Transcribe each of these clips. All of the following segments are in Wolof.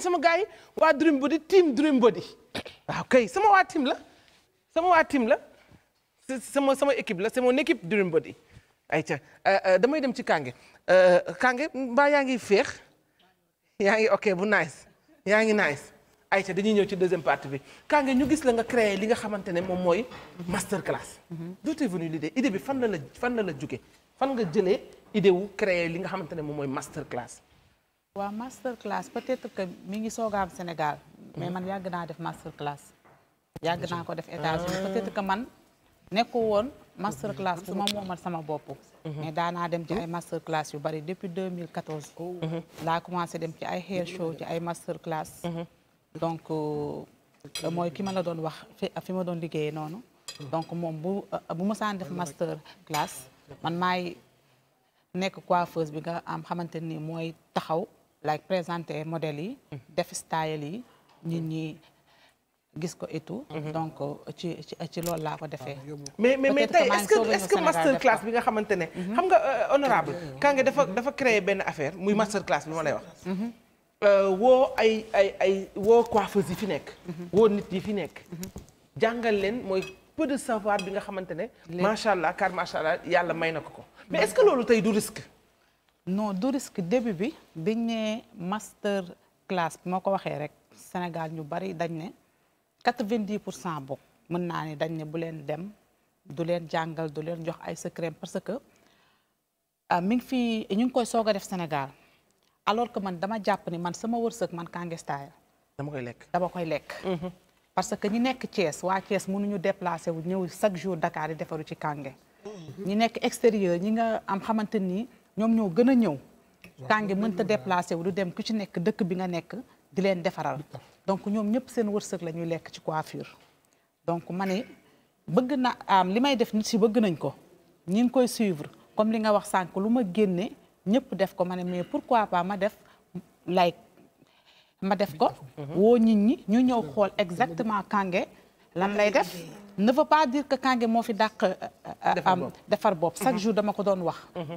sama gars yi waa Dream Body team Dream Body waaw kay sama waa team la sama waa team la sama sama équipe la c'est mon équipe Dream Body ca euh, euh, damay dem ci Kange euh, Kange mbaa yaa ngi feex yaa ngi ok bu nice yaa ngi nice ayca dañuy ñëw ci deuxième partie bi Kange ñu gis la nga créé li nga xamante ne moom mooy master class. Mhm. d'où est venue l'idée bi fan la la fan la la jóge fan nga jëlee idée wu créé li nga xamante ne moom mooy master class. waaw master class peut que mi ngi soog Sénégal. mais man yàgg naa def master class. yàgg naa ko def États-Unis ah. peut que man nekku woon master class bu ma moomal sama bopp. Mhm. mais daanaa dem ci ay master class yu bari depuis 2014. laa commencé dem ci ay hair show ci ay master class. Mhm. donc euh, mooy ki ma la doon wax fi ma doon liggéeyee noonu. donc moom bu euh, bu ma def master class man maay nekk coiffeuse bi nga am xamante ni mooy taxaw. like présenter modèle yi mhm. def style yi nit ñi gis ko et tout. Mhm. donc euh, ci ci loolu laa ko defee. Ah, mais mais mais tey est est master class bi nga xamante ne. Mhm. xam nga euh, euh, honorable kaa nga dafa dafa créer benn affaire muy master class bi ma lay wax. woo ay ay ay woo coiffeuse yi fi nekk. woo nit yi fi nekk. jàngal leen mooy peu de savoir bi nga xamante ne. macha allah car macha allah yàlla may na ko ko. mais est que loolu tey du risque. non du risque début bi biñ ne master classe bi moo ko waxee rek Sénégal ñu bari dañ ne quatre-vingt-dix pour cent bokk mën naa ne dañ ne bu leen dem du leen jàngal du leen jox ay secret parce que ah, mi ngi fi ñu ngi koy soog a def Sénégal alors que man dama jàpp ni man sama wërsëg man kàngestaaya dama koy lekk dama koy lekk. Mhm. parce que ñi nekk Thiès waa Thiès mënuñu déplacé wu ñëw chaque jour Dakar yi defaru ci kànge. ñi nekk extérieur ñi nga am xamante ni. ñoom ñoo gën a ñëw tànge mënta déplacé wu du dem ku ci nekk dëkk bi nga nekk di leen defaral donc ñoom ñëpp seen wërsëg la ñuy lekk ci coiffure donc ma ne bëgg na am li may def nit si bëgg nañ ko ñi ngi koy suivre comme li nga wax sànk lu ma génne ñëpp def ko ma ne mais pourquoi pas ma def like ma def ko woo nit ñi ñu ñëw xool exactement Kangué lan lay def ne pas dire que Kangué moo fi dàq euh, euh, am defar bopp chaque jour dama ko doon wax mhm.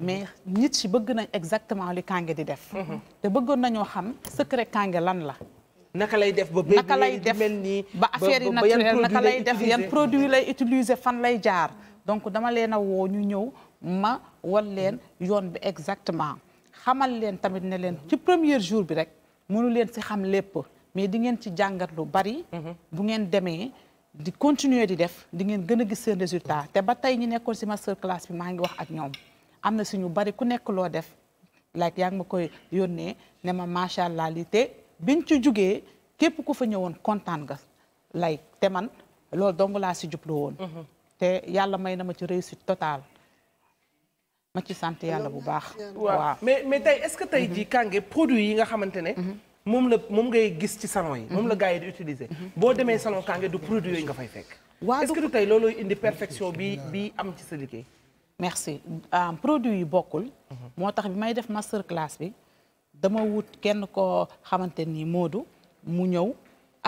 mais nit si bëgg nañ exactement li Kangué di def. Mhm. te bëggoon nañoo xam secret Kangué lan la. naka lay def ba naka lay def ba affaire yi naturelle naka lay def yan produit lay utiliser fan lay jaar. donc dama leen a woo ñu ñëw ma wal leen yoon bi exactement xamal leen tamit ne leen ci premier jour bi rek mënu leen si xam lépp mais di ngeen ci jàngat lu bari. Mhm. bu ngeen demee. di continuer di def di ngeen gën a gis seen résultat te ba tey ñi nekkoon ci master class bi maa ngi wax ak ñoom am na suñu bari ku nekk loo def like yaa ngi ma koy yónnee ne ma macha allah lii te biñ ci jugee képp ku fa ñëwoon kontaan nga like te man loolu dong laa si jublu woon. Mhm. te yàlla may na ma ci réussite total ma ci sant yàlla bu baax. waaw mais mais tey est-ce que tey mhm. ji Kangué produit yi nga xamante ne. Mhm. moom la moom ngay gis ci salon yi. moom la gars yi di utiliser. boo demee salon Kangué du produit yooyu nga fay fekk. waaw est-ce que tey loolooy indi perfection bi bi am ci sa liggéey. merci ah, produit yu bokkul. moo tax bi may def master class bi dama wut kenn koo xamante nii Modou mu ñëw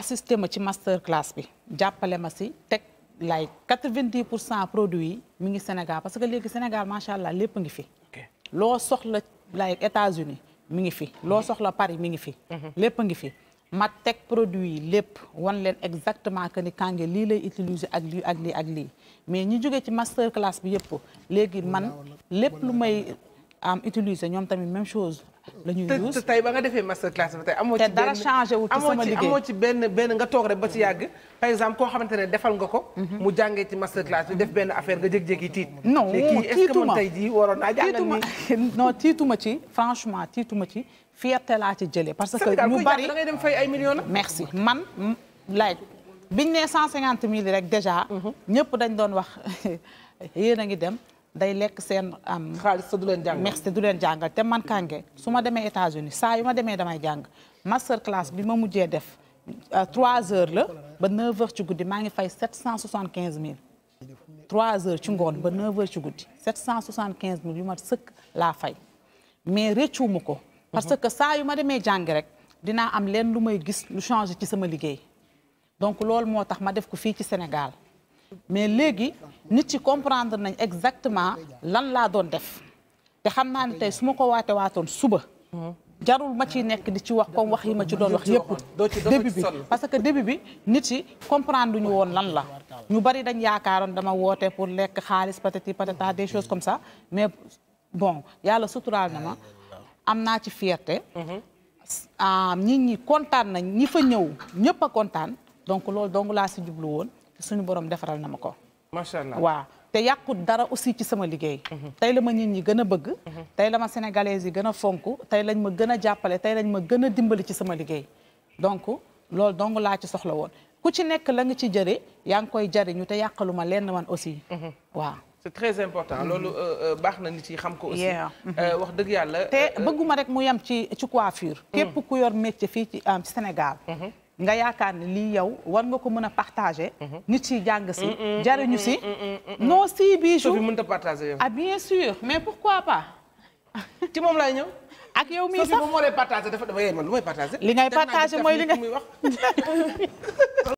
assister ma ci master class bi jàppale ma si teg like quatre-vingt-dix pour cent produit yi mi ngi Sénégal parce que léegi Sénégal macha allah lépp ngi fi. loo soxla like États-Unis mi ngi fi. loo soxla Paris mi ngi fi. Mhm. lépp ngi fi. ma teg produit lépp wan leen exactement que ni Kangué lii lay utiliser ak li ak lii ak lii mais ñi jógee ci master class bi yëpp léegi man lépp lu may am utiliser ñoom tamit même chose la ñuy te tey ba nga defee master class ba tey amoo ci benn te dara changé wul benn benn nga toog rek ba ci yàgg par exemple koo xamante ne defal nga ko mhm. mu jàngee ci master class bi def benn affaire nga jékki-jékki tiit non tiituma est-ce que man tey jii waroon naa jàngal nii non tiituma ci franchement tiituma ci fierté laa ci jëlee parce que ñu bari da ngay dem fay ay millions la merci man laaj biñ ne cent cinquante mille rek déjà mhm. ñëpp dañ doon wax yéen a ngi dem day lekk seen am. du leen jàngal merci te du leen jàngal man kànge su ma demee États-Unis saa yu ma demee damay jàng master class bi ma mujjee def 3 euh, heures la ba 9 heures ci guddi maa ngi fay 775 000 3 heures ci ngoon ba 9 ci guddi 775 000 yu ma sëkk laa fay mais réccuwuma ko. parce mhm. que saa yu ma demee jàng rek dinaa am leen lu may gis lu changé ci sama liggéey donc loolu moo tax ma def ko fii ci Sénégal. mais léegi nit ci comprendre nañ exactement lan laa doon def te xam naa ne tey su ma ko waate waatoon suba jarul ma ci nekk di ci wax kom wax yi ma ci doon wax yëpp début bi parce que début bi nit yi comprendre ñu woon lan la ñu bari dañ yaakaaroon dama woote pour lekk xaalis patati patata des choses comme ça mais bon yàlla suturaal na ma am naa ci fierté mm-hmm. nit ñi kontaan nañ ñi fa ñëw ñëpp a kontaan donc loolu dong laa si jublu woon te suñu borom defaral na ma ko. macha allah waaw te yàqut dara aussi ci sama liggéey. Mhm. tey la ma nit ñi gën a bëgg. Mhm. tey la ma sénégalaises yi gën a fonk tey lañ ma gën a jàppale tey lañ ma gën a dimbali ci sama liggéey donc loolu dong laa ci soxla woon ku ci nekk la nga ci jëre yaa ngi koy jariñu te yàqalu ma lenn man aussi. Mhm. waaw. c'est très important loolu euh, euh, baax na nit yi xam ko aussi euh, wax dëgg yàlla te bëgguma rek mu yem ci ci coiffure képp ku yor métier fii ci Sénégal nga yaakaar ne lii yow war nga ko mën a partager. ñu mhm. ciy jàng si. jariñu si. non si bijou. a partager yow. ah bien sûr mais pourquoi pas. ci moom laay ñëw. ak yow mii sax soo moo lay eh, mooy li